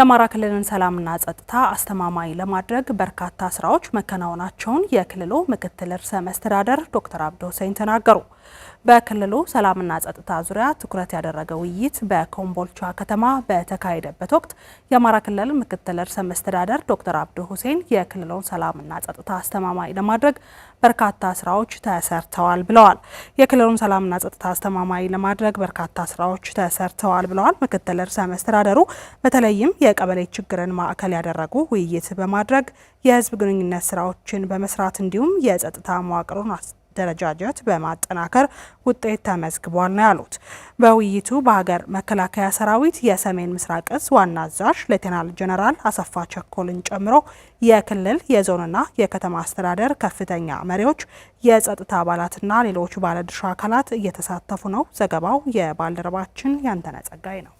የአማራ ክልልን ሰላምና ጸጥታ አስተማማኝ ለማድረግ በርካታ ስራዎች መከናወናቸውን የክልሉ ምክትል ርዕሰ መስተዳደር ዶክተር አብዱ ሁሴን ተናገሩ። በክልሉ ሰላምና ጸጥታ ዙሪያ ትኩረት ያደረገ ውይይት በኮምቦልቻ ከተማ በተካሄደበት ወቅት የአማራ ክልል ምክትል ርዕሰ መስተዳደር ዶክተር አብዱ ሁሴን የክልሉን ሰላምና ጸጥታ አስተማማኝ ለማድረግ በርካታ ስራዎች ተሰርተዋል ብለዋል። የክልሉን ሰላምና ጸጥታ አስተማማኝ ለማድረግ በርካታ ስራዎች ተሰርተዋል ብለዋል ምክትል ርዕሰ መስተዳደሩ። በተለይም የቀበሌ ችግርን ማዕከል ያደረጉ ውይይት በማድረግ የህዝብ ግንኙነት ስራዎችን በመስራት እንዲሁም የጸጥታ መዋቅሩን አደረጃጀት በማጠናከር ውጤት ተመዝግቧል ነው ያሉት። በውይይቱ በሀገር መከላከያ ሰራዊት የሰሜን ምስራቅ እዝ ዋና አዛዥ ሌተናል ጀነራል አሰፋ ቸኮልን ጨምሮ የክልል የዞንና የከተማ አስተዳደር ከፍተኛ መሪዎች፣ የጸጥታ አባላትና ሌሎች ባለድርሻ አካላት እየተሳተፉ ነው። ዘገባው የባልደረባችን ያንተነህ ጸጋይ ነው።